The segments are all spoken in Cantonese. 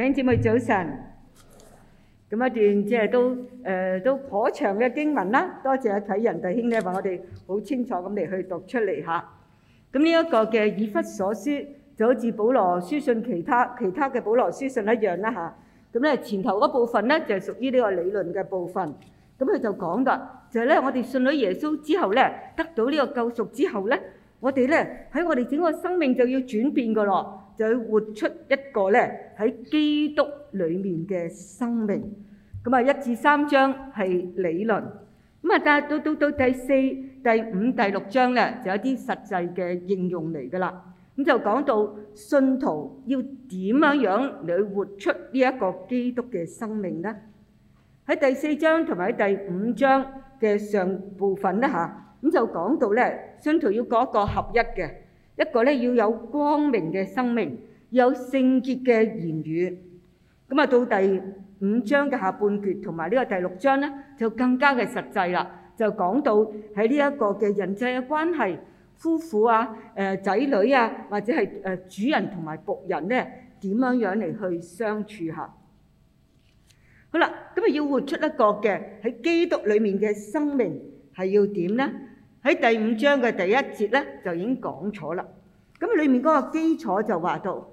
弟兄姊妹早晨，咁一段即係都誒都頗長嘅經文啦。多謝阿啟仁弟兄咧，話我哋好清楚咁嚟去讀出嚟吓。咁呢一個嘅以弗所書就好似保羅書信其他其他嘅保羅書信一樣啦吓。咁咧前頭嗰部分咧就係屬於呢個理論嘅部分。咁佢就講㗎，就係咧我哋信咗耶穌之後咧，得到呢個救贖之後咧，我哋咧喺我哋整個生命就要轉變噶咯。就要活出一個咧喺基督裡面嘅生命。咁啊，一至三章係理論，咁啊，但係到到到第四、第五、第六章咧，就有啲實際嘅應用嚟噶啦。咁就講到信徒要點樣樣嚟活出呢一個基督嘅生命咧？喺第四章同埋喺第五章嘅上部分咧嚇，咁就講到咧，信徒要嗰一個合一嘅。一個咧要有光明嘅生命，要有聖潔嘅言語。咁啊，到第五章嘅下半段同埋呢個第六章咧，就更加嘅實際啦。就講到喺呢一個嘅人際嘅關係，夫婦啊、誒、呃、仔女啊，或者係誒主人同埋僕人咧，點樣樣嚟去相處下？好啦，咁啊，要活出一個嘅喺基督裏面嘅生命係要點咧？喺第五章嘅第一節咧，就已經講咗啦。咁裏面嗰個基礎就話到，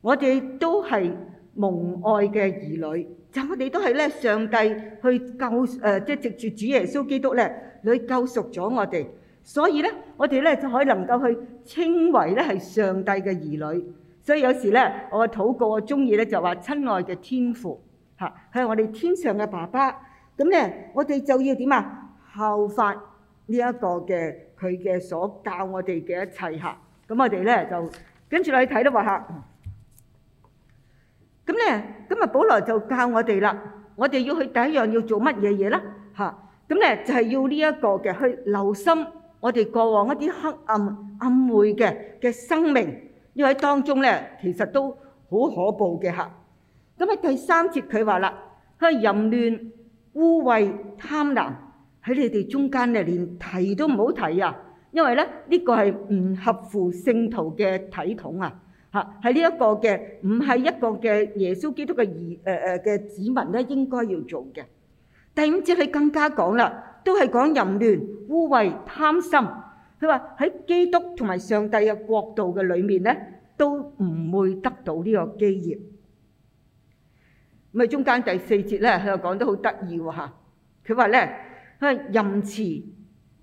我哋都係蒙愛嘅兒女，就我哋都係咧上帝去救誒，即係藉住主耶穌基督咧，去救贖咗我哋，所以咧我哋咧就可以能夠去稱為咧係上帝嘅兒女。所以有時咧，我嘅禱告我中意咧就話親愛嘅天父，嚇佢係我哋天上嘅爸爸。咁咧我哋就要點啊？效法。呢一個嘅佢嘅所教我哋嘅一切嚇，咁我哋咧就跟住落去睇啦，話嚇，咁咧咁啊，保羅就教我哋啦，我哋要去第一樣要做乜嘢嘢咧嚇，咁咧就係要呢一個嘅去留心我哋過往一啲黑暗暗昧嘅嘅生命，因為當中咧其實都好可怖嘅嚇。咁喺第三節佢話啦，去淫亂、污穢、貪婪。喺你哋中間咧，連提都唔好提啊！因為咧，呢個係唔合乎聖徒嘅體統啊！嚇，喺呢一個嘅唔係一個嘅耶穌基督嘅兒誒誒嘅子民咧，應該要做嘅。第五節佢更加講啦，都係講淫亂、污穢、貪心。佢話喺基督同埋上帝嘅國度嘅裏面咧，都唔會得到呢個基業。咁啊，中間第四節咧，佢又講得好得意喎嚇！佢話咧。佢話淫詞、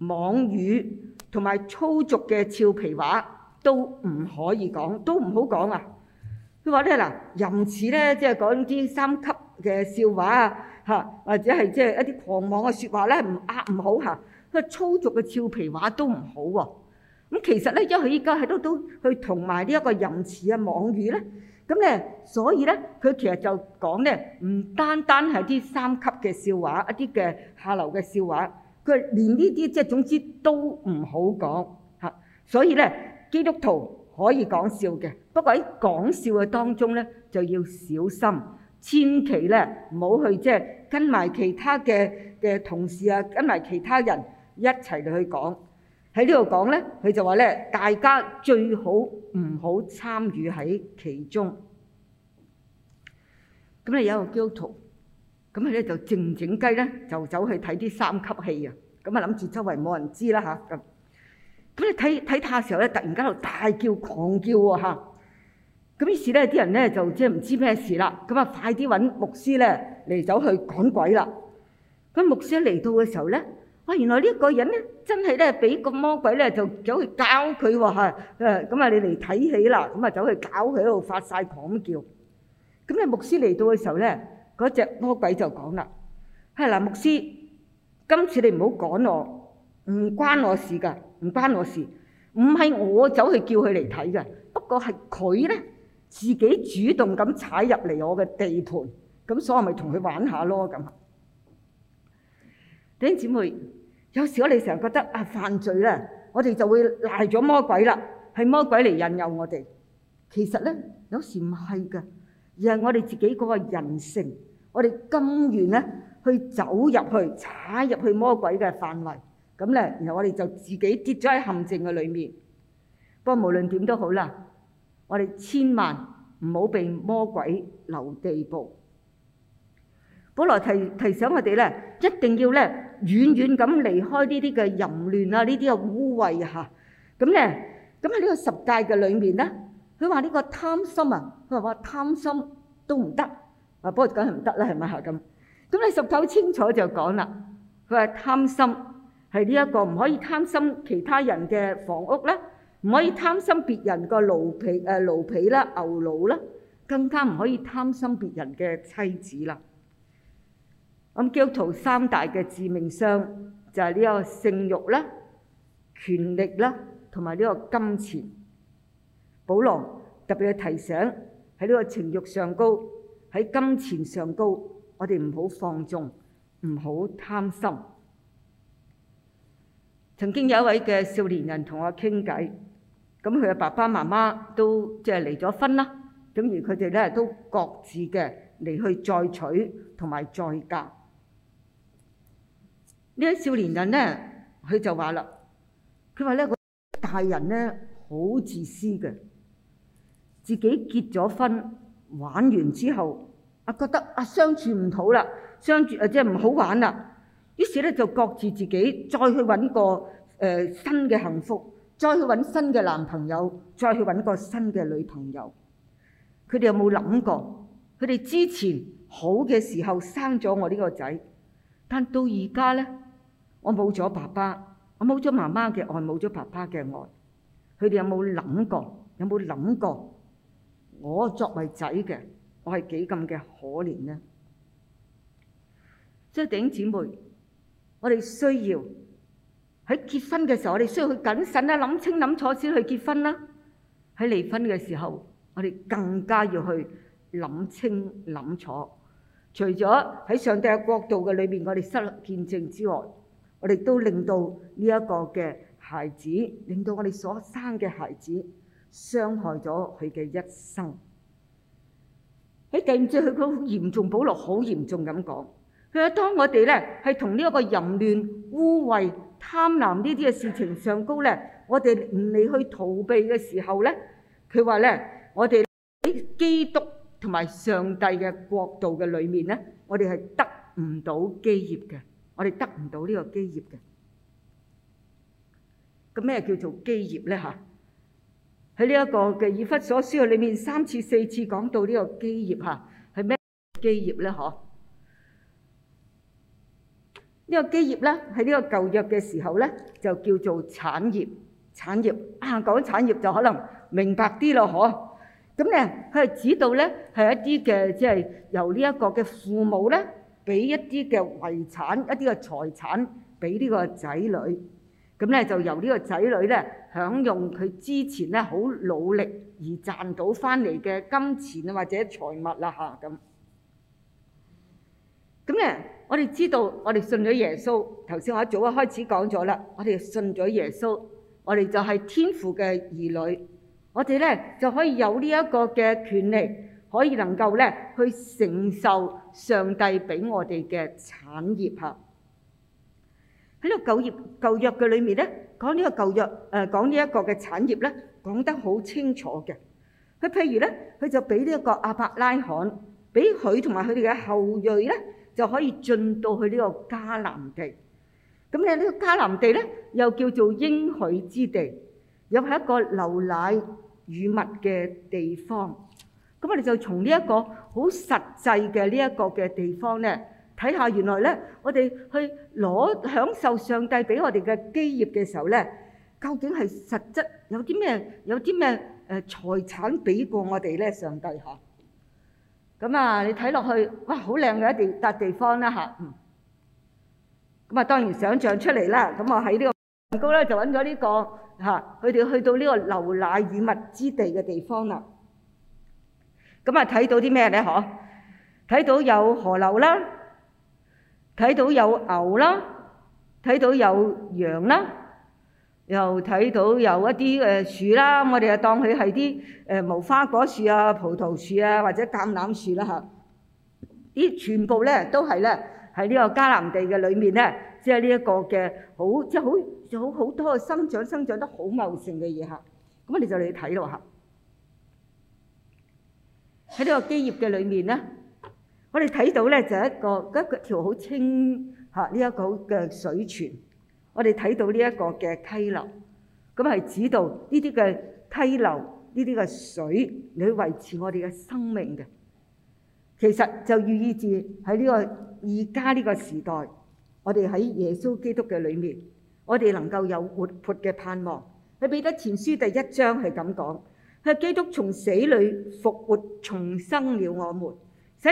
妄語同埋粗俗嘅俏皮話都唔可以講，都唔好講啊！佢話咧嗱，淫詞咧即係講啲三級嘅笑話啊，嚇或者係即係一啲狂妄嘅説話咧，唔壓唔好嚇。佢、啊、粗俗嘅俏皮話都唔好喎、啊。咁其實咧，因為佢依家喺度都去同埋呢一個淫詞啊、妄語咧。咁咧，所以咧，佢其實就講咧，唔單單係啲三級嘅笑話，一啲嘅下流嘅笑話，佢連呢啲即係總之都唔好講嚇。所以咧，基督徒可以講笑嘅，不過喺講笑嘅當中咧，就要小心，千祈咧唔好去即係跟埋其他嘅嘅同事啊，跟埋其他人一齊去講。喺呢度講咧，佢就話咧，大家最好唔好參與喺其中。咁你有一個基督徒，咁佢咧就靜靜雞咧，就走去睇啲三級戲啊。咁啊諗住周圍冇人知啦吓。咁你睇睇吓嘅時候咧，突然間就大叫狂叫喎吓。咁、啊、於是咧啲人咧就即係唔知咩事啦。咁啊快啲揾牧師咧嚟走去趕鬼啦。咁牧師嚟到嘅時候咧。哇！原來呢一個人咧，真係咧俾個魔鬼咧就走去搞佢話嚇，誒咁啊你嚟睇起啦，咁啊走去搞佢喺度發晒狂叫。咁你牧師嚟到嘅時候咧，嗰隻魔鬼就講啦，係啦，牧師，今次你唔好趕我，唔關我事㗎，唔關我事，唔係我走去叫佢嚟睇嘅，不過係佢咧自己主動咁踩入嚟我嘅地盤，咁所以咪同佢玩下咯咁。頂姐妹。有時我哋成日覺得啊犯罪喇，我哋就會賴咗魔鬼啦，係魔鬼嚟引誘我哋。其實呢，有時唔係㗎，而係我哋自己嗰個人性，我哋甘願呢去走入去，踩入去魔鬼嘅範圍，咁呢，然後我哋就自己跌咗喺陷阱嘅裡面。不過無論點都好啦，我哋千萬唔好被魔鬼留地步。保羅提提醒我哋呢，一定要呢，遠遠咁離開呢啲嘅淫亂啊，呢啲嘅污穢吓，咁咧，咁喺呢個十戒嘅裡面咧，佢話呢個貪心啊，佢話貪心都唔得，啊不過梗係唔得啦，係咪吓咁？咁你熟透清楚就講啦，佢話貪心係呢一個唔可以貪心其他人嘅房屋啦，唔可以貪心別人個奴婢誒奴婢啦、牛腦啦，更加唔可以貪心別人嘅妻子啦。咁基督徒三大嘅致命傷就係呢個性慾啦、權力啦同埋呢個金錢。保羅特別嘅提醒喺呢個情慾上高，喺金錢上高，我哋唔好放縱，唔好貪心。曾經有一位嘅少年人同我傾偈，咁佢嘅爸爸媽媽都即係離咗婚啦，咁而佢哋咧都各自嘅嚟去再娶同埋再嫁。呢啲少年人咧，佢就話啦，佢話咧，嗰啲大人咧好自私嘅，自己結咗婚玩完之後，啊覺得啊相處唔好啦，相處啊即係唔好玩啦，於是咧就各自自己再去揾個誒、呃、新嘅幸福，再去揾新嘅男朋友，再去揾個新嘅女朋友。佢哋有冇諗過？佢哋之前好嘅時候生咗我呢個仔，但到而家咧。我冇咗爸爸，我冇咗媽媽嘅愛，冇咗爸爸嘅愛。佢哋有冇諗過？有冇諗過？我作為仔嘅，我係幾咁嘅可憐呢？即係弟兄姐妹，我哋需要喺結婚嘅時候，我哋需要去謹慎啦，諗清諗楚先去結婚啦。喺離婚嘅時候，我哋更加要去諗清諗楚。除咗喺上帝嘅國度嘅裏面，我哋失見證之外。我哋都令到呢一個嘅孩子，令到我哋所生嘅孩子傷害咗佢嘅一生。哎，對唔住，佢個嚴重，保羅好嚴重咁講。佢話：當我哋咧係同呢一個淫亂、污穢、貪婪呢啲嘅事情上高咧，我哋唔離去逃避嘅時候咧，佢話咧，我哋喺基督同埋上帝嘅國度嘅裏面咧，我哋係得唔到基業嘅。我哋得唔到呢個基業嘅，咁咩叫做基業咧？嚇，喺呢一個嘅以弗所書裏面三次四次講到呢個基業嚇，係咩基業咧？嗬，呢個基業咧喺呢個舊約嘅時候咧就叫做產業，產業啊，講產業就可能明白啲咯，嗬。咁咧佢係指到咧係一啲嘅即係由呢一個嘅父母咧。俾一啲嘅遺產，一啲嘅財產俾呢個仔女，咁咧就由呢個仔女咧享用佢之前咧好努力而賺到翻嚟嘅金錢或者財物啦嚇咁。咁、啊、咧，我哋知道我哋信咗耶穌，頭先我一早一開始講咗啦，我哋信咗耶穌，我哋就係天父嘅兒女，我哋咧就可以有呢一個嘅權利。可以能夠咧去承受上帝俾我哋嘅產業啊！喺呢個舊業舊約嘅裏面咧，講呢個舊約誒，講呢一個嘅產業咧，講得好清楚嘅。佢譬如咧，佢就俾呢一個亞伯拉罕，俾佢同埋佢哋嘅後裔咧，就可以進到去呢個迦南地。咁咧呢個迦南地咧，又叫做應許之地，又係一個流奶與蜜嘅地方。咁我哋就從呢一個好實際嘅呢一個嘅地方咧，睇下原來咧，我哋去攞享受上帝俾我哋嘅基業嘅時候咧，究竟係實質有啲咩、有啲咩誒財產俾過我哋咧？上帝嚇，咁啊，你睇落去哇，好靚嘅一笪地方啦嚇，咁啊，當然想像出嚟啦。咁我喺呢個蛋糕咧，就揾咗呢個嚇，佢哋去到呢個流奶與蜜之地嘅地方啦。咁啊，睇到啲咩咧？嗬，睇到有河流啦，睇到有牛啦，睇到有羊啦，又睇到有一啲誒、呃、樹啦，我哋啊當佢係啲誒無花果樹啊、葡萄樹啊或者橄欖樹啦、啊、嚇，啲全部咧都係咧喺呢個迦南地嘅裏面咧，即係呢一個嘅好即係好好好多生長生長得好茂盛嘅嘢嚇，咁我哋就嚟睇咯嚇。喺呢個基業嘅裏面咧，我哋睇到咧就係、一個一個條好清嚇呢一個嘅水泉，我哋睇到呢一個嘅溪流，咁係指導呢啲嘅溪流呢啲嘅水嚟維持我哋嘅生命嘅。其實就寓意住喺呢個而家呢個時代，我哋喺耶穌基督嘅裏面，我哋能夠有活潑嘅盼望。彼得前書第一章係咁講。係基督從死裡復活重生了我哋，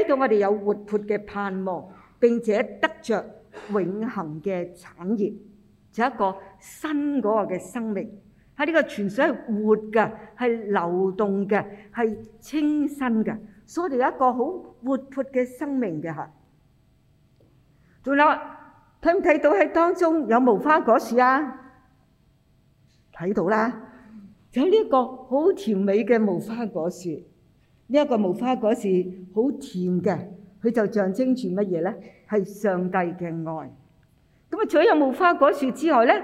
使到我哋有活潑嘅盼望，並且得着永恆嘅產業，就一個新嗰個嘅生命，喺呢個泉水係活嘅，係流動嘅，係清新嘅，所以我哋一個好活潑嘅生命嘅吓。仲有睇唔睇到喺當中有無花果樹啊？睇到啦。有呢一個好甜美嘅無花果樹，呢、這、一個無花果樹好甜嘅，佢就象徵住乜嘢咧？係上帝嘅愛。咁啊，除咗有無花果樹之外咧，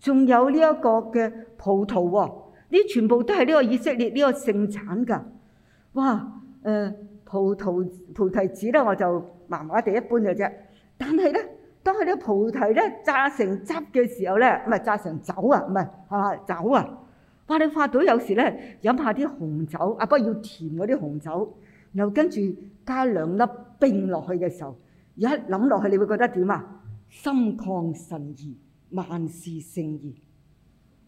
仲有呢一個嘅葡萄喎。呢全部都係呢個以色列呢個盛產㗎。哇！誒、呃，葡萄、葡提子咧，我就麻麻地一般嘅啫。但係咧，當佢啲葡提咧榨成汁嘅時候咧，唔係榨成酒啊，唔係係酒啊？化你化到有時咧飲下啲紅酒，啊，不過要甜嗰啲紅酒，然後跟住加兩粒冰落去嘅時候，一諗落去你會覺得點啊？心曠神怡，萬事勝意。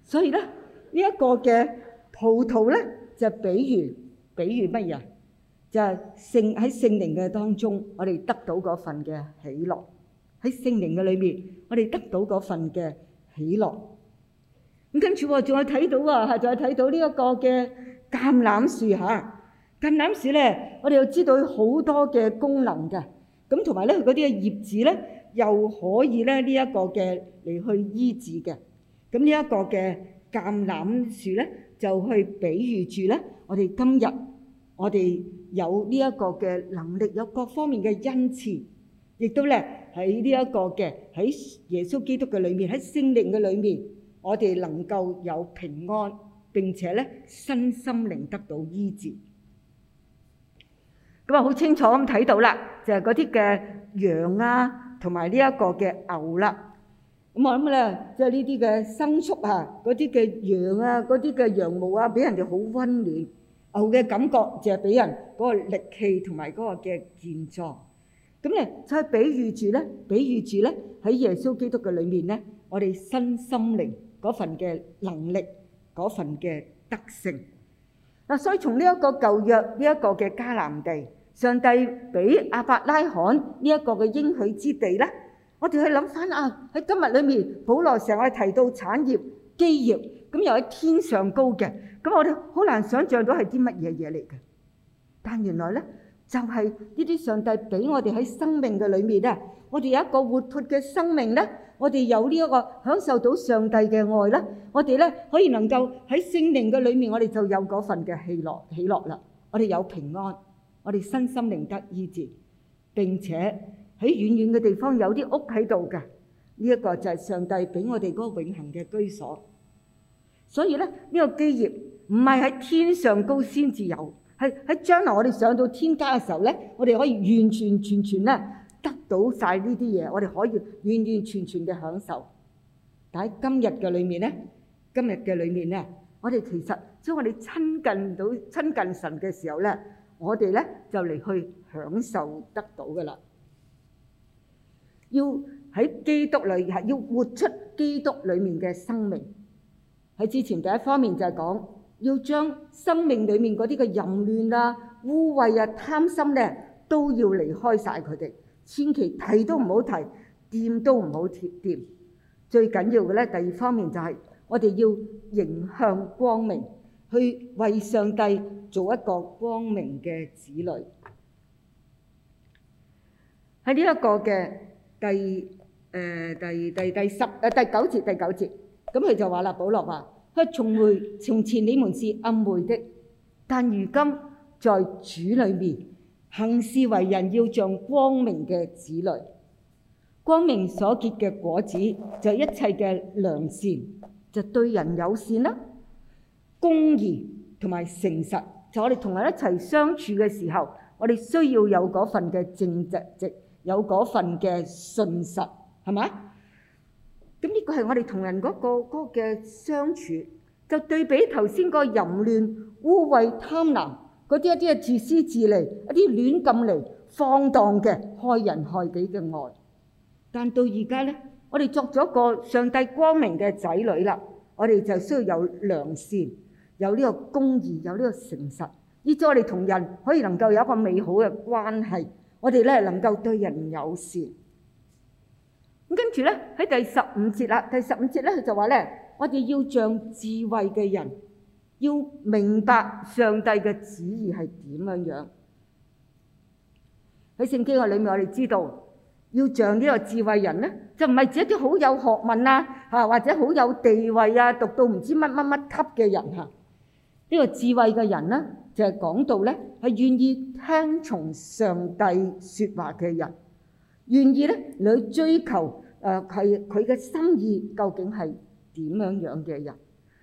所以咧呢一個嘅葡萄咧，就比喻比喻乜嘢？就係聖喺聖靈嘅當中，我哋得到嗰份嘅喜樂；喺聖靈嘅裏面，我哋得到嗰份嘅喜樂。咁跟住，仲有睇到啊，係仲有睇到呢一個嘅橄欖樹吓。橄欖樹咧，我哋又知道好多嘅功能㗎。咁同埋咧，佢嗰啲葉子咧，又可以咧呢一個嘅嚟去醫治嘅。咁呢一個嘅橄欖樹咧，就去比喻住咧，我哋今日我哋有呢一個嘅能力，有各方面嘅恩賜，亦都咧喺呢一個嘅喺耶穌基督嘅裏面，喺聖靈嘅裏面。我哋能夠有平安，並且咧身心靈得到醫治。咁啊，好清楚咁睇到啦，就係嗰啲嘅羊啊，同埋呢一個嘅牛啦。咁我諗咧，即係呢啲嘅牲畜啊，嗰啲嘅羊啊，嗰啲嘅羊毛啊，俾人哋好溫暖；牛嘅感覺就係俾人嗰個力氣同埋嗰個嘅健壯。咁咧，再比喻住咧，比喻住咧喺耶穌基督嘅裏面咧，我哋身心靈。嗰份嘅能力，嗰份嘅德性。嗱、啊，所以從呢一個舊約呢一個嘅迦南地，上帝俾亞伯拉罕呢一個嘅應許之地呢，我哋去諗返啊喺今日裏面，保羅成日提到產業、基業，咁又喺天上高嘅，咁我哋好難想像到係啲乜嘢嘢嚟嘅，但原來呢。就係呢啲上帝俾我哋喺生命嘅裏面咧，我哋有一個活潑嘅生命咧，我哋有呢一個享受到上帝嘅愛咧，我哋咧可以能夠喺聖靈嘅裏面，我哋就有嗰份嘅喜樂喜樂啦。我哋有平安，我哋身心靈得醫治，並且喺遠遠嘅地方有啲屋喺度嘅，呢一個就係上帝俾我哋嗰個永恆嘅居所。所以咧，呢個基業唔係喺天上高先至有。喺喺將來我哋上到天家嘅時候咧，我哋可以完完全全咧得到曬呢啲嘢，我哋可以完完全全嘅享受。但喺今日嘅裡面咧，今日嘅裡面咧，我哋其實將我哋親近到親近神嘅時候咧，我哋咧就嚟去享受得到噶啦。要喺基督裏係要活出基督裡面嘅生命。喺之前第一方面就係講。要將生命裡面嗰啲嘅淫亂啊、污穢啊、貪心咧，都要離開晒佢哋。千祈提都唔好提，掂都唔好掂。最緊要嘅咧，第二方面就係我哋要迎向光明，去為上帝做一個光明嘅子女。喺呢一個嘅第，呃，第第第十，呃，第九節，第九節，咁佢就話啦，保羅話。佢從來從前你們是暗昧的，但如今在主裏面行事為人要像光明嘅子女，光明所結嘅果子就係一切嘅良善，就對人友善啦，公義同埋誠實。就我哋同人一齊相處嘅時候，我哋需要有嗰份嘅正直，有嗰份嘅信實，係咪啊？咁呢個係我哋同人嗰個嗰個嘅相處，就對比頭先個淫亂、污穢、貪婪嗰啲一啲嘅自私自利、一啲亂咁嚟放蕩嘅害人害己嘅愛。但到而家呢，我哋作咗個上帝光明嘅仔女啦，我哋就需要有良善，有呢個公義，有呢個誠實，以至我哋同人可以能夠有一個美好嘅關係，我哋呢能夠對人友善。咁跟住咧，喺第十五節啦。第十五節咧，佢就話咧：我哋要像智慧嘅人，要明白上帝嘅旨意係點樣樣。喺聖經裏面，我哋知道，要像呢個智慧人咧，就唔係指一啲好有學問啊，嚇或者好有地位啊，讀到唔知乜乜乜級嘅人嚇。呢個智慧嘅人咧，就係講到咧，係願意聽從上帝説話嘅人。願意咧，你追求，誒係佢嘅心意究竟係點樣樣嘅人？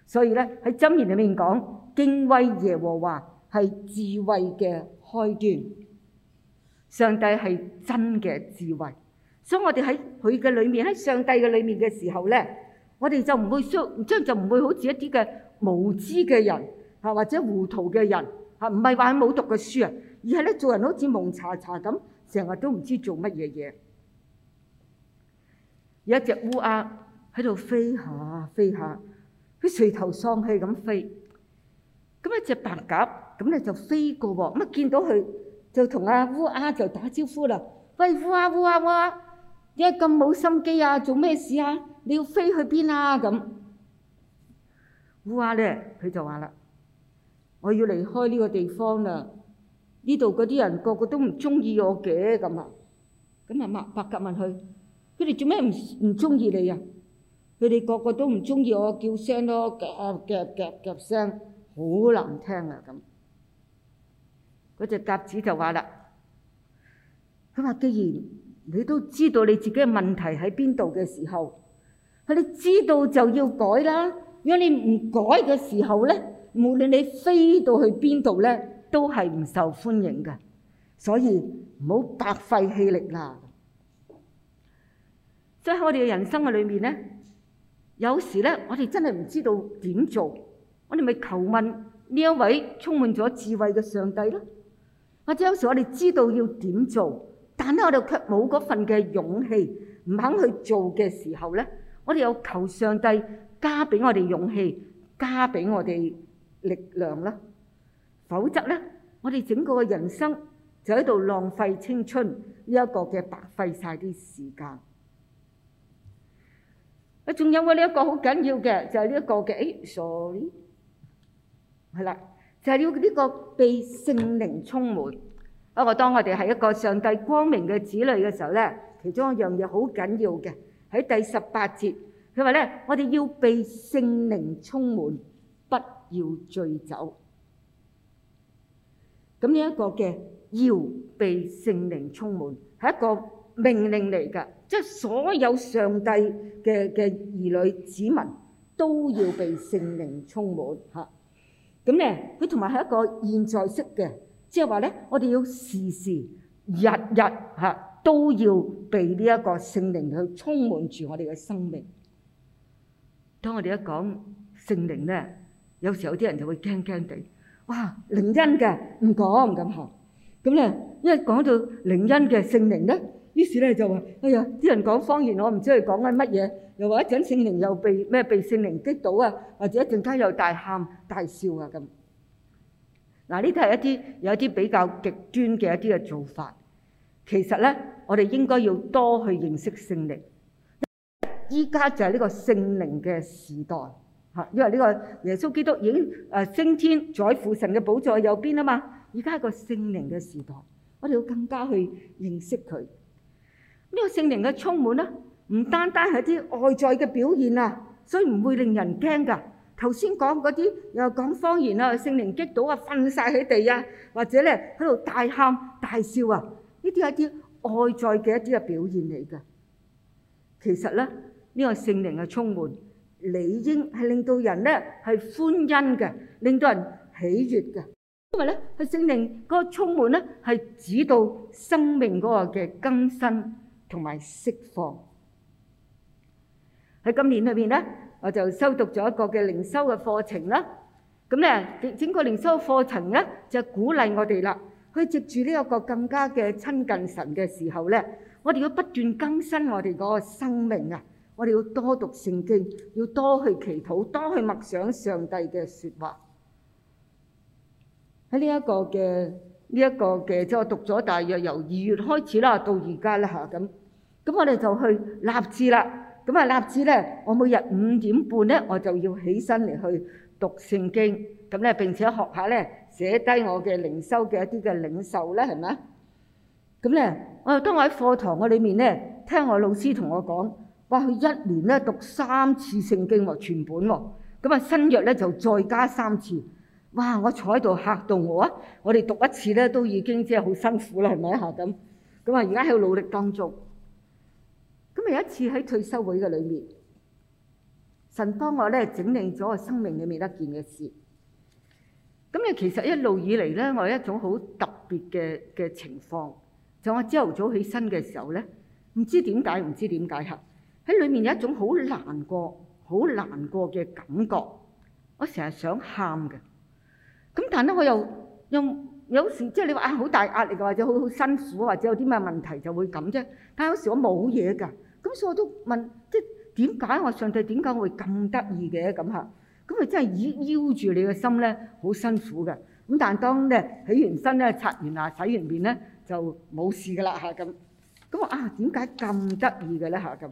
所以咧，喺箴言裏面講，敬畏耶和華係智慧嘅開端。上帝係真嘅智慧，所以我哋喺佢嘅裏面，喺上帝嘅裏面嘅時候咧，我哋就唔會將將，就唔會好似一啲嘅無知嘅人，嚇或者糊塗嘅人。唔係話佢冇讀過書啊，而係咧做人好似蒙查查咁，成日都唔知做乜嘢嘢。有一隻烏鴉喺度飛下飛下，佢垂頭喪氣咁飛。咁一隻白鴿咁咧就飛過喎，咁見到佢就同阿烏鴉就打招呼啦。喂，烏鴉烏鴉烏鴉，你係咁冇心機啊，做咩事啊？你要飛去邊啊？咁烏鴉咧佢就話啦。我要離開呢個地方啦！呢度嗰啲人個個都唔中意我嘅咁啊！咁啊，問白鴿問佢：佢哋做咩唔唔中意你啊？佢哋個個都唔中意我，叫聲囉夾夾夾夾聲，好難聽啊！咁嗰隻鴿子就話啦：佢話既然你都知道你自己嘅問題喺邊度嘅時候，係你知道就要改啦。如果你唔改嘅時候咧？無論你飛到去邊度咧，都係唔受歡迎嘅，所以唔好白費氣力啦。即係喺我哋嘅人生嘅裏面咧，有時咧我哋真係唔知道點做，我哋咪求問呢一位充滿咗智慧嘅上帝咯。或者有時我哋知道要點做，但係我哋卻冇嗰份嘅勇氣，唔肯去做嘅時候咧，我哋有求上帝加俾我哋勇氣，加俾我哋。力量啦，否則咧，我哋整個嘅人生就喺度浪費青春。呢一個嘅白費曬啲時間。啊，仲有呢一個好緊要嘅就係呢一個嘅，誒，sorry，係啦，就係呢呢個被聖靈充滿。不過當我哋係一個上帝光明嘅子女嘅時候咧，其中一樣嘢好緊要嘅喺第十八節，佢話咧，我哋要被聖靈充滿。要醉酒，咁呢一個嘅要被聖靈充滿，係一個命令嚟噶，即係所有上帝嘅嘅兒女子民都要被聖靈充滿吓。咁咧，佢同埋係一個現在式嘅，即係話咧，我哋要時時日日吓都要被呢一個聖靈去充滿住我哋嘅生命。當我哋一講聖靈咧。有時候有啲人就會驚驚地，哇！靈恩嘅唔講咁呵，咁咧因為講到靈恩嘅聖靈咧，於是咧就話：哎呀，啲人講方言，我唔知佢講緊乜嘢，又話一陣聖靈又被咩被聖靈擊到啊，或者一陣間又大喊大笑啊咁。嗱，呢啲係一啲有一啲比較極端嘅一啲嘅做法。其實咧，我哋應該要多去認識聖靈。依家就係呢個聖靈嘅時代。嚇！因為呢個耶穌基督已經誒升天，在父神嘅寶座右邊啊嘛，而家係個聖靈嘅時代，我哋要更加去認識佢。呢個聖靈嘅充滿咧，唔單單係啲外在嘅表現啊，所以唔會令人驚噶。頭先講嗰啲又講方言啊，聖靈擊倒啊，瞓曬喺地啊，或者咧喺度大喊大笑啊，呢啲係啲外在嘅一啲嘅表現嚟㗎。其實咧，呢個聖靈嘅充滿。理應係令到人咧係歡欣嘅，令到人喜悅嘅。因為咧，係聖靈嗰個充滿咧，係指導生命嗰個嘅更新同埋釋放。喺今年裏邊咧，我就修讀咗一個嘅靈修嘅課程啦。咁咧，整個靈修課程咧就鼓勵我哋啦，去藉住呢一個更加嘅親近神嘅時候咧，我哋要不斷更新我哋嗰個生命啊！我哋要多讀聖經，要多去祈禱，多去默想上帝嘅說話。喺呢一個嘅呢一個嘅，即係我讀咗大約由二月開始啦，到而家啦吓咁。咁我哋就去立志啦。咁啊立志咧，我每日五點半咧，我就要起身嚟去讀聖經。咁咧並且學下咧，寫低我嘅靈修嘅一啲嘅領受咧，係咪啊？咁咧，我當我喺課堂嗰裏面咧，聽我老師同我講。哇！佢一年咧讀三次聖經和全本喎，哦，咁啊新約咧就再加三次。哇！我坐喺度嚇到我啊！我哋讀一次咧都已經即係好辛苦啦，係咪嚇咁咁啊？而家喺度努力當中。咁有一次喺退休會嘅裏面，神幫我咧整理咗我生命裏面得件嘅事。咁你其實一路以嚟咧，我有一種好特別嘅嘅情況，就我朝頭早起身嘅時候咧，唔知點解，唔知點解嚇。喺裏面有一種好難過、好難過嘅感覺，我成日想喊嘅。咁但咧我又又有時即係你話啊好大壓力或者好好辛苦或者有啲咩問題就會咁啫。但有時我冇嘢㗎，咁所以我都問即係點解我上帝點解我會咁得意嘅咁嚇？咁啊真係繞繞住你嘅心咧，好辛苦嘅。咁但當咧起完身咧刷完牙洗完面咧就冇事㗎啦吓，咁。咁啊啊點解咁得意嘅咧吓。咁？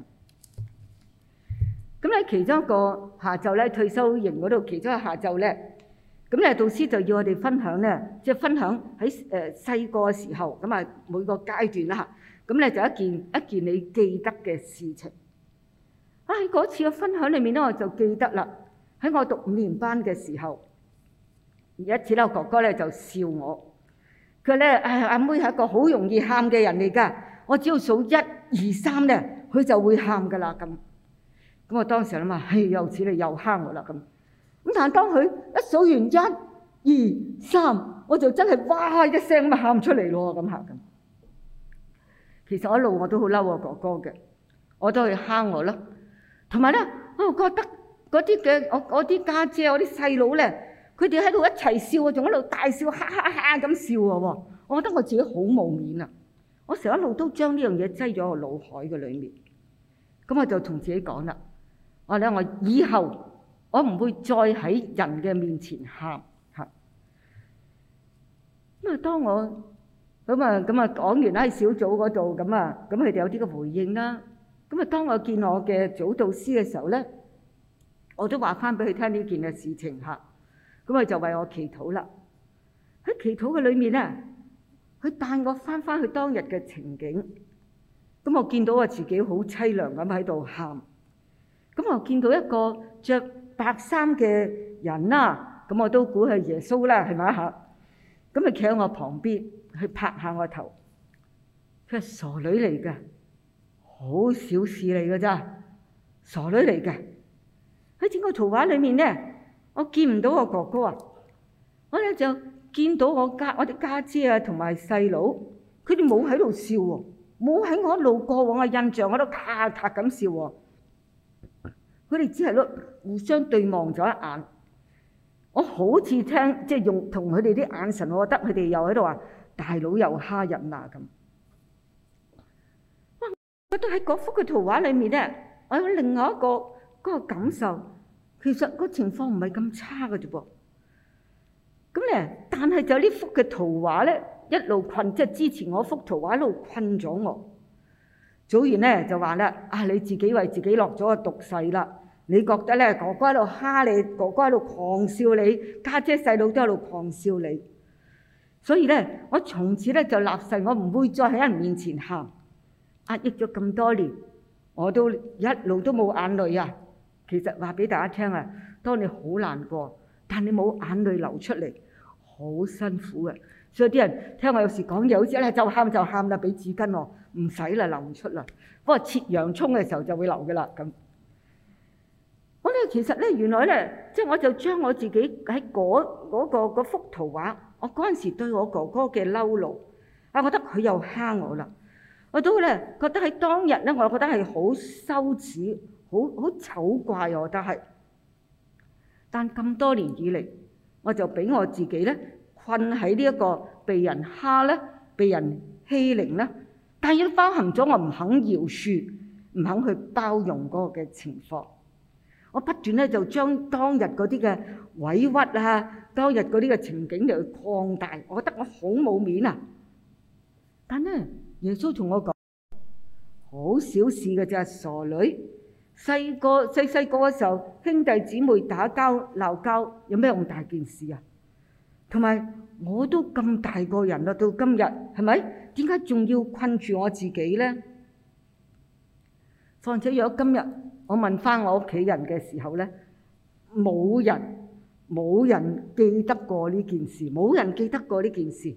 咁咧，其中一個下晝咧，退休營嗰度，其中一個下晝咧，咁咧，導師就要我哋分享咧，即係分享喺誒細個嘅時候，咁啊每個階段啦吓，咁咧就一件一件你記得嘅事情。啊喺嗰次嘅分享裏面咧，我就記得啦，喺我讀五年班嘅時候，有一次咧，我哥哥咧就笑我，佢咧誒阿妹係一個好容易喊嘅人嚟㗎，我只要數一二三咧，佢就會喊㗎啦咁。咁我當時諗話，嘿、哎，又似你又蝦我啦咁。咁但當佢一數完一、二、三，我就真係哇一聲咁啊喊出嚟咯咁喊咁。其實我一路我都好嬲我哥哥嘅，我都係蝦我咯。同埋咧，我覺得嗰啲嘅我啲家姐啊，我啲細佬咧，佢哋喺度一齊笑，仲喺度大笑，哈哈哈咁笑。我覺得我自己好冇面啊！我成日一路都將呢樣嘢擠咗我腦海嘅裡面。咁我就同自己講啦。我咧，我以後我唔會再喺人嘅面前喊嚇。咁啊，當我咁啊咁啊講完喺小組嗰度，咁啊咁佢哋有啲嘅回應啦。咁啊，當我見我嘅組導師嘅時候咧，我都話翻俾佢聽呢件嘅事情嚇。咁佢就為我祈禱啦。喺祈禱嘅裏面咧，佢帶我翻翻去當日嘅情景。咁我見到我自己好淒涼咁喺度喊。咁我見到一個着白衫嘅人啦，啊，咁我都估係耶穌啦，係嘛嚇？咁咪企喺我旁邊，去拍下我頭。佢係傻女嚟㗎，好小事嚟㗎咋。傻女嚟㗎。喺整個圖畫裏面咧，我見唔到我哥哥啊，我咧就見到我家我啲家姐啊同埋細佬，佢哋冇喺度笑喎，冇喺我一路過往嘅印象我度咔咔咁笑喎。佢哋只係咯，互相對望咗一眼，我好似聽，即係用同佢哋啲眼神，我覺得佢哋又喺度話大佬又蝦人啦咁。哇！我覺得喺嗰幅嘅圖畫裏面咧，我有另外一個嗰個感受，其實嗰情況唔係咁差嘅啫噃。咁咧，但係就呢幅嘅圖畫咧，一路困即係之前我幅圖畫一路困咗我。祖賢咧就話咧：，啊你自己為自己落咗個毒誓啦！你覺得咧，哥哥喺度蝦你，哥哥喺度狂笑你，家姐細佬都喺度狂笑你。所以咧，我從此咧就立誓，我唔會再喺人面前喊。壓抑咗咁多年，我都一路都冇眼淚啊。其實話俾大家聽啊，當你好難過，但你冇眼淚流出嚟，好辛苦嘅。所以啲人聽我有時講嘢，好似咧就喊就喊啦，俾紙巾我，唔使啦，流唔出啦。不過切洋蔥嘅時候就會流嘅啦，咁。我咧，其實咧，原來咧，即係我就將我自己喺嗰、嗰個嗰個嗰個幅圖畫，我嗰陣時對我哥哥嘅嬲怒啊，我覺得佢又蝦我啦。我都咧覺得喺當日咧，我覺得係好羞恥，好好醜怪我。但係但咁多年以嚟，我就俾我自己咧困喺呢一個被人蝦咧、被人欺凌咧，但係都包含咗我唔肯饒恕、唔肯去包容嗰個嘅情況。我不斷咧就將當日嗰啲嘅委屈啊，當日嗰啲嘅情景嚟去擴大，我覺得我好冇面啊！但咧，耶穌同我講：好小事㗎咋，傻女，細個細細個嘅時候兄弟姊妹打交鬧交，有咩咁大件事啊？同埋我都咁大個人啦，到今日係咪？點解仲要困住我自己咧？況且若今日，我問翻我屋企人嘅時候咧，冇人冇人記得過呢件事，冇人記得過呢件事。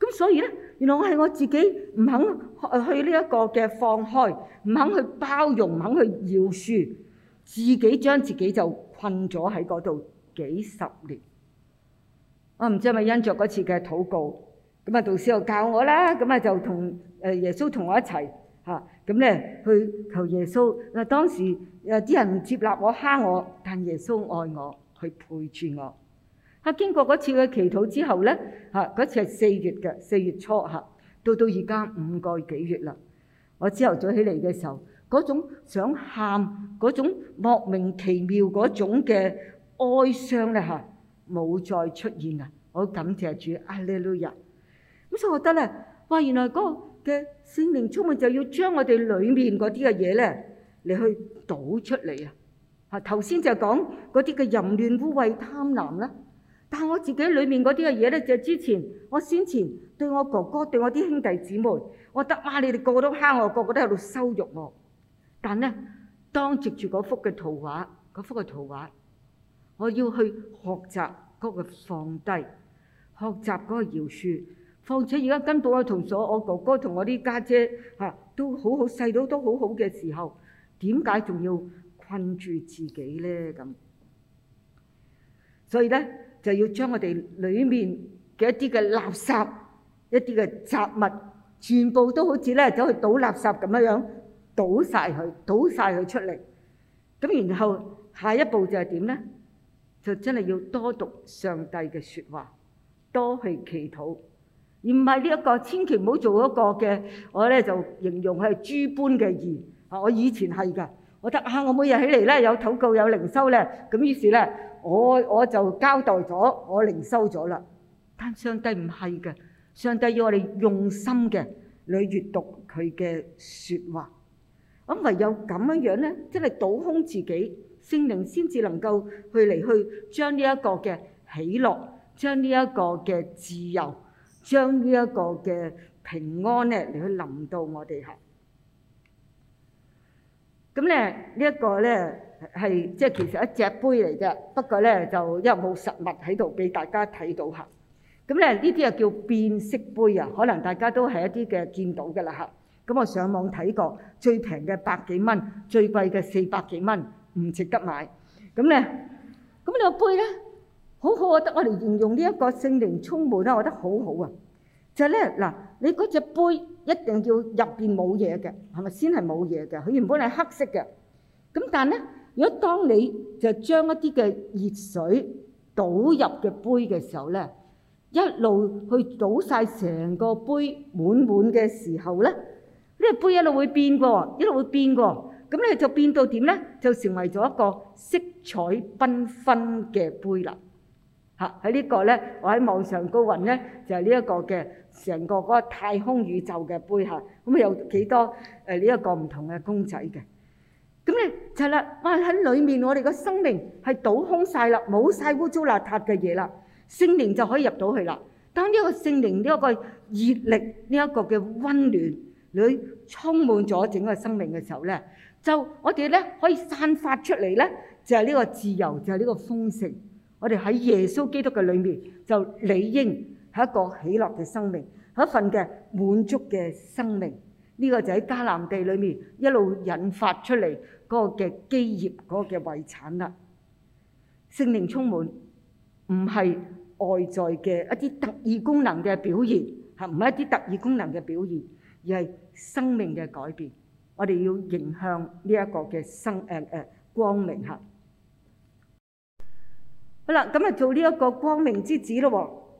咁所以咧，原來我係我自己唔肯去呢一個嘅放開，唔肯去包容，唔肯去饒恕，自己將自己就困咗喺嗰度幾十年。我唔知係咪因著嗰次嘅禱告，咁啊，到時候就教我啦，咁啊就同誒耶穌同我一齊。啊，咁咧、嗯、去求耶穌。嗱，當時誒啲人唔接納我，蝦我，但耶穌愛我，去陪住我。嚇，經過嗰次嘅祈禱之後咧，嚇、啊、嗰次係四月嘅，四月初嚇、啊，到到而家五個幾月啦。我朝後早朝頭早起嚟嘅時候，嗰種想喊嗰種莫名其妙嗰種嘅哀傷咧嚇，冇、啊、再出現啊！我感謝主，阿列路亞。咁所以我覺得咧，哇，原來嗰、那個。嘅聖靈充滿，就要將我哋裏面嗰啲嘅嘢咧，你去倒出嚟啊！吓，頭先就講嗰啲嘅淫亂、污穢、貪婪啦，但係我自己裏面嗰啲嘅嘢咧，就之前我先前對我哥哥，對我啲兄弟姊妹，我覺得哇，你哋個個都蝦我，個個都喺度羞辱我。但係咧，當接住嗰幅嘅圖畫，嗰幅嘅圖畫，我要去學習嗰個放低，學習嗰個饒恕。況且而家跟到我同所，我哥哥同我啲家姐吓、啊、都好好，細佬都好好嘅時候，點解仲要困住自己咧？咁，所以咧就要將我哋裏面嘅一啲嘅垃圾、一啲嘅雜物，全部都好似咧走去倒垃圾咁樣樣倒晒佢，倒晒佢出嚟。咁然後下一步就係點咧？就真係要多讀上帝嘅說話，多去祈禱。而唔係呢一個，千祈唔好做一個嘅。我咧就形容係豬般嘅義啊！我以前係噶，我得啊，我每日起嚟咧有禱告，有靈修咧，咁於是咧，我我就交代咗，我靈修咗啦。但上帝唔係嘅，上帝要我哋用心嘅嚟閲讀佢嘅説話。咁唯有咁樣樣咧，即係倒空自己聖靈，先至能夠去嚟去將呢一個嘅喜樂，將呢一個嘅自由。將呢一個嘅平安咧嚟去臨到我哋嚇，咁咧呢一個咧係即係其實一隻杯嚟嘅，不過咧就因為冇實物喺度俾大家睇到嚇，咁咧呢啲啊叫變色杯啊，可能大家都係一啲嘅見到㗎啦嚇，咁我上網睇過，最平嘅百幾蚊，最貴嘅四百幾蚊，唔值得買，咁咧，咁你個杯咧？好好啊！我覺得我哋形容呢一個聖靈充滿啦，我覺得好好啊。就係咧嗱，你嗰隻杯一定要入邊冇嘢嘅，係咪先係冇嘢嘅？佢原本係黑色嘅。咁但係咧，如果當你就將一啲嘅熱水倒入嘅杯嘅時候咧，一路去倒曬成個杯滿滿嘅時候咧，呢個杯一路會變個，一路會變個。咁咧就變到點咧？就成為咗一個色彩繽紛嘅杯啦。嚇！喺呢個咧，我喺網上高雲咧，就係呢一個嘅成個嗰個太空宇宙嘅杯嚇。咁啊有幾多誒呢一個唔同嘅公仔嘅？咁咧就係啦，哇！喺裏面我哋嘅生命係倒空曬啦，冇曬污糟邋遢嘅嘢啦，聖靈就可以入到去啦。當呢個聖靈呢一個熱力呢一個嘅温暖裏充滿咗整個生命嘅時候咧，就我哋咧可以散發出嚟咧，就係呢個自由，就係呢個豐盛。我哋喺耶穌基督嘅裏面，就理應係一個喜樂嘅生命，係一份嘅滿足嘅生命。呢個就喺迦南地裏面一路引發出嚟嗰個嘅基業、嗰個嘅遺產啦。聖靈充滿，唔係外在嘅一啲特異功能嘅表現，嚇，唔係一啲特異功能嘅表現，而係生命嘅改變。我哋要迎向呢一個嘅生誒誒光明嚇。好啦，咁啊做呢一個光明之子咯，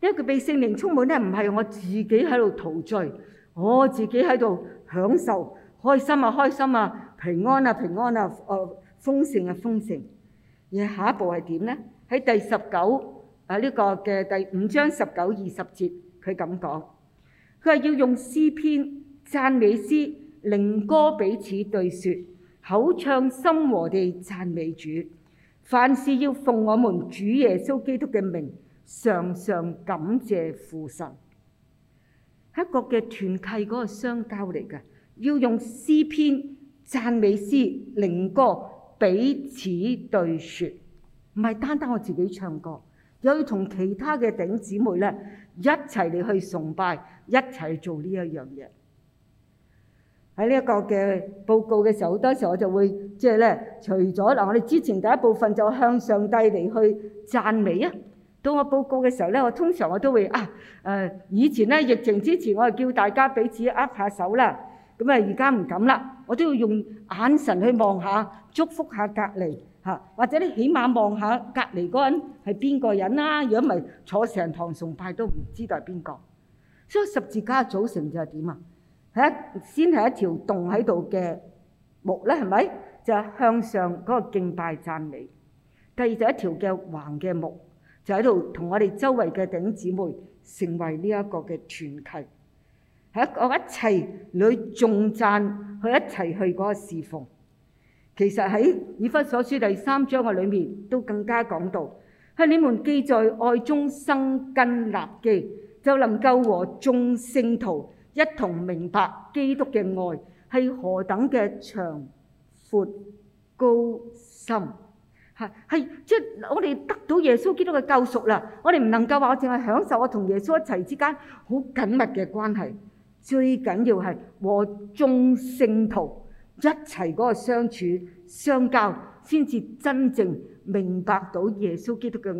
因為佢被聖靈充滿咧，唔係我自己喺度陶醉，我自己喺度享受開心啊，開心啊，平安啊，平安啊，誒，豐盛啊，豐盛。而下一步係點咧？喺第十九啊呢個嘅第五章十九二十節，佢咁講，佢係要用詩篇、讚美詩、靈歌彼此對説，口唱心和地讚美主。凡事要奉我們主耶穌基督嘅名，常常感謝父神。一個嘅團契嗰個相交嚟㗎，要用詩篇、讚美詩、靈歌彼此對説，唔係單單我自己唱歌，又要同其他嘅頂姊妹呢一齊嚟去崇拜，一齊做呢一樣嘢。喺呢一個嘅報告嘅時候，好多時候我就會即係咧，除咗嗱，我哋之前第一部分就向上帝嚟去讚美啊。到我報告嘅時候咧，我通常我都會啊誒、呃，以前咧疫情之前，我係叫大家彼此握下手啦。咁啊，而家唔敢啦，我都要用眼神去望下，祝福下隔離嚇，或者你起碼望下隔離嗰人係邊個人啦、啊。如果唔係，坐成堂崇拜都唔知道係邊個。所以十字架嘅組成就係點啊？係一先係一條洞喺度嘅木咧，係咪就向上嗰個敬拜讚美？第二就一條嘅橫嘅木，就喺度同我哋周圍嘅弟兄姊妹成為呢一個嘅團契，係一我一齊去敬讚，去一齊去嗰個侍奉。其實喺以弗所書第三章嘅裏面都更加講到，喺你們既在愛中生根立基，就能夠和眾聖徒。一同明白基督嘅愛係何等嘅長闊高深，係係即係我哋得到耶穌基督嘅救贖啦。我哋唔能夠話我淨係享受我同耶穌一齊之間好緊密嘅關係，最緊要係和眾聖徒一齊嗰個相處相交，先至真正明白到耶穌基督嘅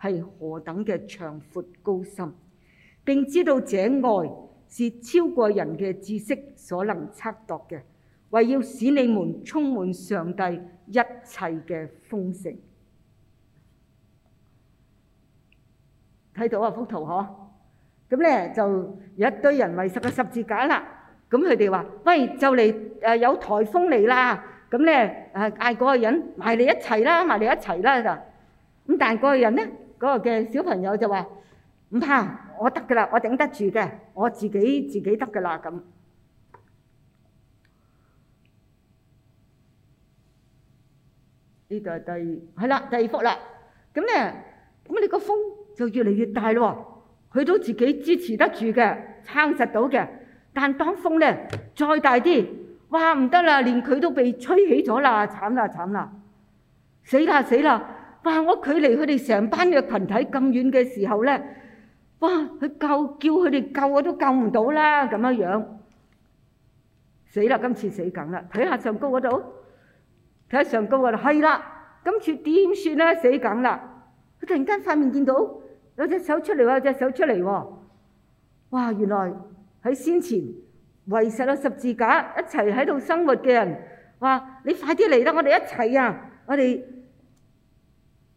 愛係何等嘅長闊高深，並知道這愛。是超過人嘅知識所能測度嘅。我得㗎啦，我頂得住嘅，我自己自己得㗎啦咁。呢度係第二，係啦，第二幅啦。咁咧，咁你個風就越嚟越大咯。佢都自己支持得住嘅，撐實到嘅。但當風咧再大啲，哇唔得啦，連佢都被吹起咗啦，慘啦慘啦，死啦死啦！哇我距離佢哋成班嘅羣體咁遠嘅時候咧。哇！佢救叫佢哋救我都救唔到啦，咁樣樣死啦！今次死梗啦！睇下上高嗰度，睇下上高嗰度係啦！今次點算咧？死梗啦！佢突然間塊面見到有隻手出嚟喎，有隻手出嚟喎！哇！原來喺先前遺失咗十字架一齊喺度生活嘅人，話你快啲嚟啦！我哋一齊啊！我哋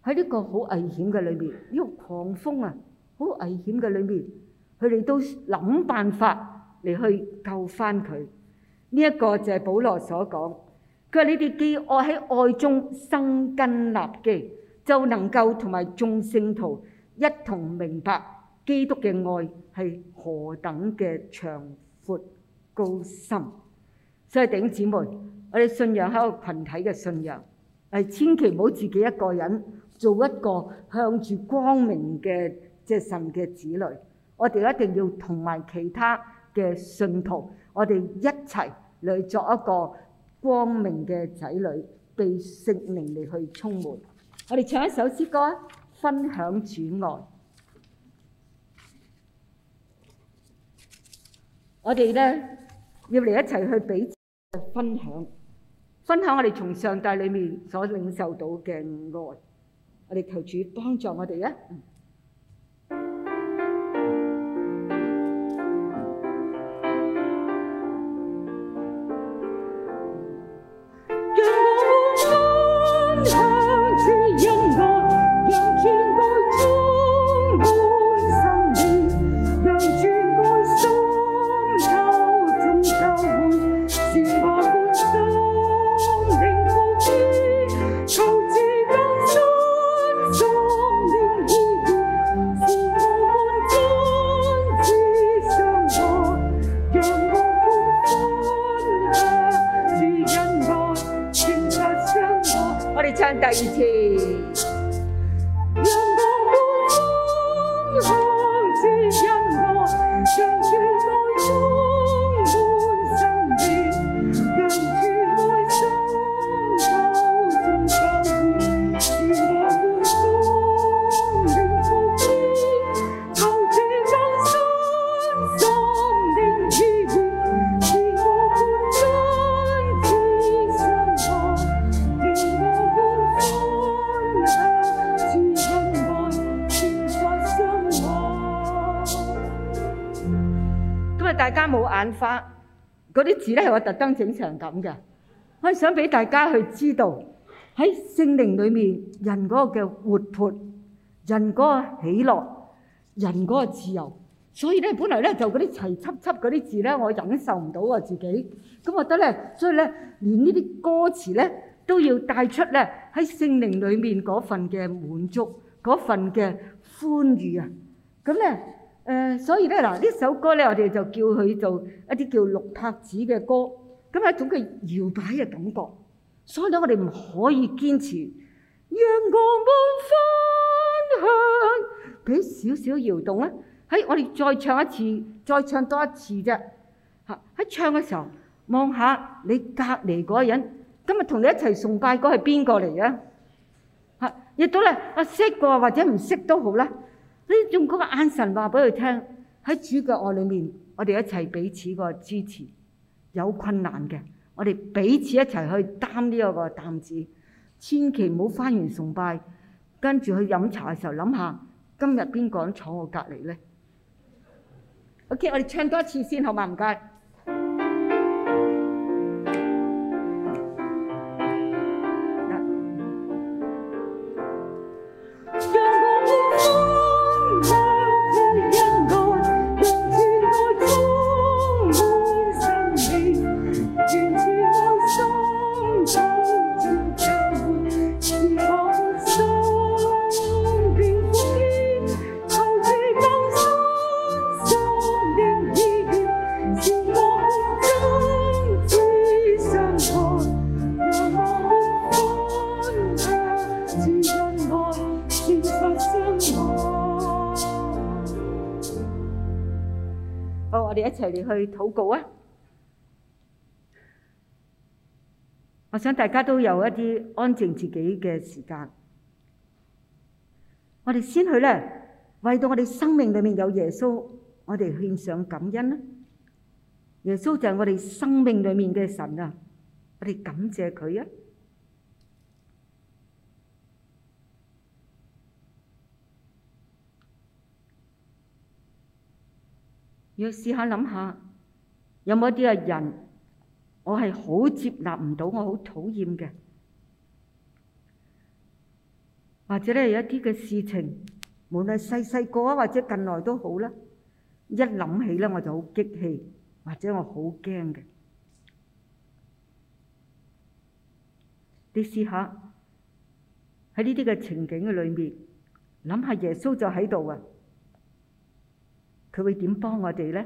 喺呢個好危險嘅裏邊，呢個狂風啊！好危險嘅裏面，佢哋都諗辦法嚟去救翻佢。呢、這、一個就係保羅所講，佢話：你哋既愛喺愛中生根立基，就能夠同埋眾聖徒一同明白基督嘅愛係何等嘅長闊高深。所以，弟兄姊妹，我哋信仰係一個群體嘅信仰，係千祈唔好自己一個人做一個向住光明嘅。即係神嘅子女，我哋一定要同埋其他嘅信徒，我哋一齊嚟作一個光明嘅仔女，被聖靈嚟去充滿。我哋唱一首詩歌啊！分享主愛，我哋呢要嚟一齊去俾分享，分享我哋從上帝裡面所領受到嘅愛。我哋求主幫助我哋啊！呢係我特登整成咁嘅，我想俾大家去知道喺聖靈裏面人嗰個嘅活潑，人嗰個喜樂，人嗰個自由。所以咧，本嚟咧就嗰啲齊輯輯嗰啲字咧，我忍受唔到啊自己。咁我覺得咧，所以咧，連呢啲歌詞咧都要帶出咧喺聖靈裏面嗰份嘅滿足，嗰份嘅歡愉啊咁咧。誒，所以咧嗱，呢首歌咧，我哋就叫佢做一啲叫六拍子嘅歌，咁係一種嘅搖擺嘅感覺。所以咧，我哋唔可以堅持，讓我哋分享，俾少少搖動啊！喺我哋再唱一次，再唱多一次啫。嚇！喺唱嘅時候，望下你隔離嗰個人，今日同你一齊崇拜歌係邊個嚟啊？嚇！亦都咧，我識過或者唔識都好啦。你用嗰個眼神話俾佢聽，喺主嘅愛裏面，我哋一齊彼此個支持。有困難嘅，我哋彼此一齊去擔呢一個擔子。千祈唔好返完崇拜，跟住去飲茶嘅時候諗下，今日邊個人坐我隔離咧？OK，我哋唱多次先好嘛？唔該。想大家都有一啲安靜自己嘅時間，我哋先去咧，為到我哋生命裏面有耶穌，我哋獻上感恩啦。耶穌就係我哋生命裏面嘅神啊，我哋感謝佢啊。要試下諗下，有冇一啲嘅人？我係好接納唔到，我好討厭嘅，或者呢，有一啲嘅事情，無論細細個啊，或者近來都好啦，一諗起呢，我就好激氣，或者我好驚嘅。你試下喺呢啲嘅情景嘅裏面諗下，想想耶穌就喺度啊，佢會點幫我哋呢？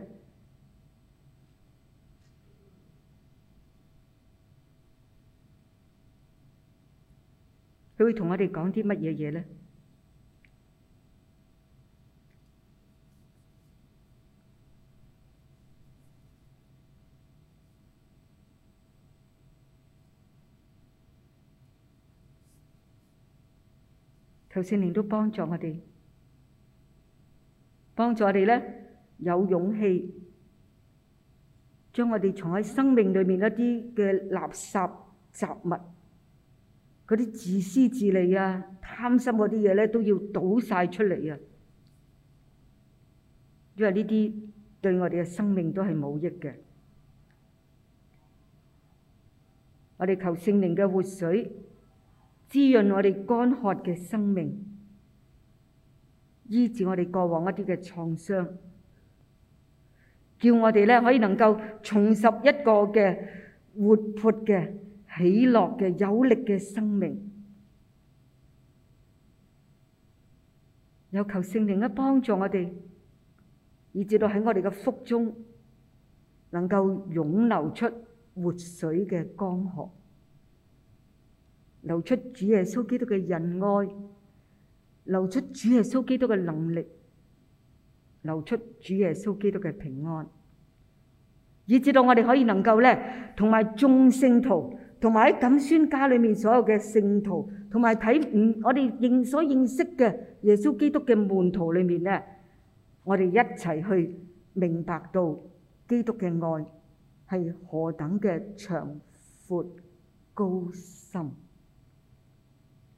佢同我哋講啲乜嘢嘢呢？求聖靈都幫助我哋，幫助我哋呢，有勇氣，將我哋藏喺生命裏面一啲嘅垃圾雜物。嗰啲自私自利啊、貪心嗰啲嘢咧，都要倒晒出嚟啊！因為呢啲對我哋嘅生命都係冇益嘅。我哋求聖靈嘅活水，滋潤我哋乾渴嘅生命，醫治我哋過往一啲嘅創傷，叫我哋咧可以能夠重拾一個嘅活潑嘅，喜樂嘅有力嘅生命，有求聖靈嘅幫助，我哋以至到喺我哋嘅腹中能夠湧流出活水嘅江河，流出主耶穌基督嘅仁愛，流出主耶穌基督嘅能力，流出主耶穌基督嘅平安，以至到我哋可以能夠咧同埋眾聖徒。同埋喺感孫家裏面所有嘅聖徒，同埋睇唔我哋認所認識嘅耶穌基督嘅門徒裏面呢，我哋一齊去明白到基督嘅愛係何等嘅長闊高深。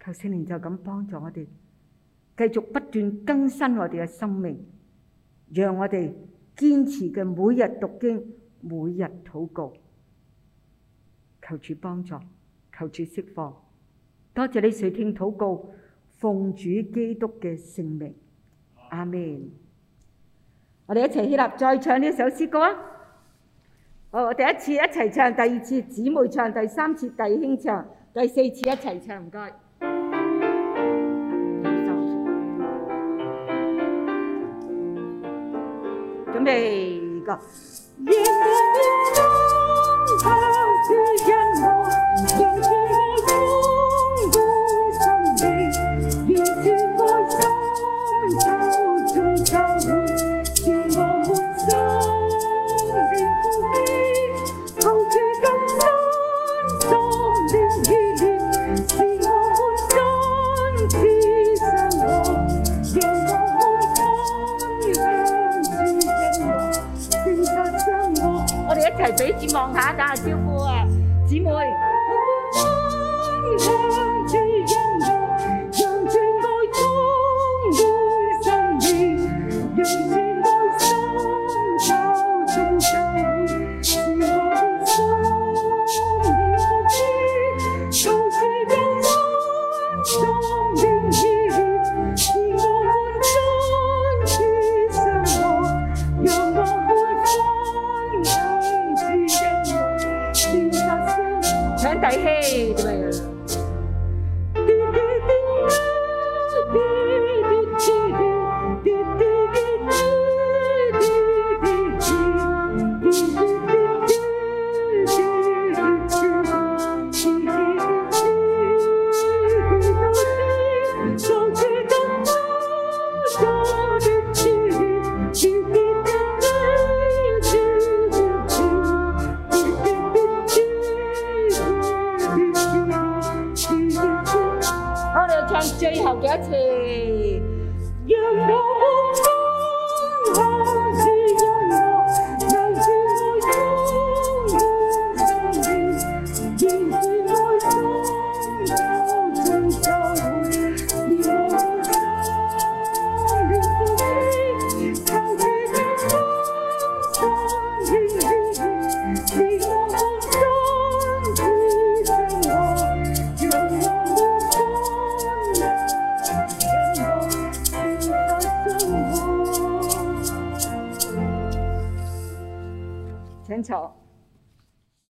求聖靈就咁幫助我哋，繼續不斷更新我哋嘅生命，讓我哋堅持嘅每日讀經、每日禱告。求主幫助，求主釋放，多謝你垂聽禱告，奉主基督嘅聖名，阿門。我哋一齊起立，再唱呢首詩歌啊！好，我哋第一次一齊唱，第二次姊妹唱，第三次弟兄唱，第四次一齊唱，唔該。準備一個。